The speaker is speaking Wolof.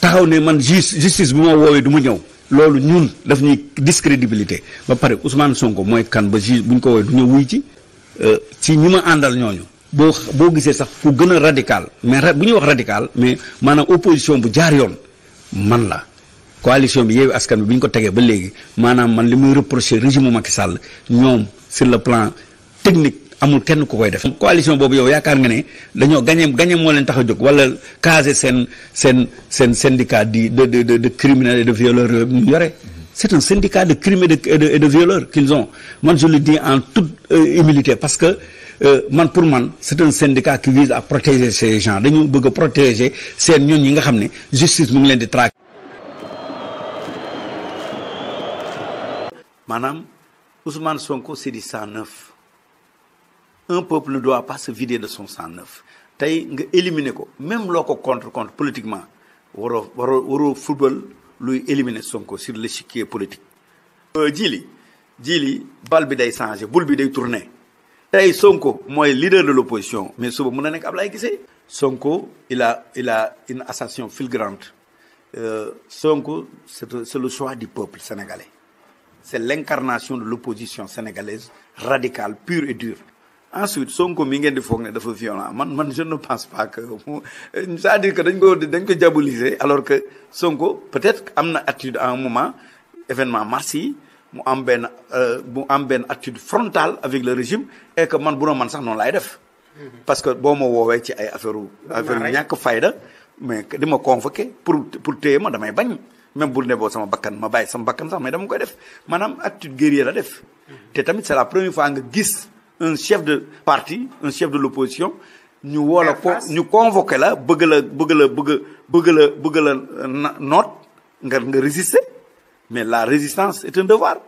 taxaw ne man justice justice bu ma woowee du ma ñëw loolu ñun daf ñuy discrédibilité ba pare Ousmane Sonko mooy kan ba juge bu ñu ko woowee du ñëw wuy ci si euh, ñu ma àndal ñooñu boo boo gisee sax ku gën a radical mais bu ñuy wax radical mais maanaam opposition bu jaar yoon man la coalition bi Yewwi Askan Wi bi ñu ko tegee ba léegi maanaam man li muy reproché régime Macky Sall ñoom sur le plan technique amul kenn ku koy def. coalition boobu yow yaakaar nga ne dañoo gañe gañe moo leen tax a jóg wala caser seen seen seen syndicat di de de de de criminels et de violeurs yooyu ñu yore c' est un de crimes et de et de et man je le dis en tout euh, humilité parce que euh, man pour man c' est un syndicat qui vise à protéger ces gens dañu bëgg a protéger seen ñun ñi nga xam ne justice mu ngi leen di traquer. maanaam Ousmane Sonko c'est du sang un peuple ne doit pas se vider de son sang neuf tey nga éliminer ko même loo ko contre contre politiquement waroo waroo waroo football luy éliminer Sonko sur l'échiquier politique. Euh, jili jili bal bi day changé bul bi day tourné tey Sonko mooy leader de l'opposition mais suba mën na nekk Ablaye Sonko il a il a une ascension fulgurante euh, Sonko c'est c'est le choix du peuple sénégalais c'est l'incarnation de l'opposition sénégalaise radicale pure et dure. ensuite Sonko mi ngeen di foog ne dafa violent man man je ne pense pas que c'est-à-dire que dañ ko dañ alors que Sonko peut-être am na attitude en un moment événement mars yi mu am benn euh, mu am benn attitude frontale avec le régime et que man bu doon man sax noonu laay def. parce que boo ma woowee ci ay affaire affaire ñàkk fayda mais di ma convoqué pour pour téye ma damay bañ même bu ne boo sama bakkan ma bàyyi sama bakkan sax mais dama koy def maanaam attitude guerrière la def. Mmh. un chef de parti un chef de l'opposition ñu woo la ko ñu convoqué la bëgg la bëgg la bëgg bëgg la bëgg la euh, noot nga nga résister mais la résistance est un devoir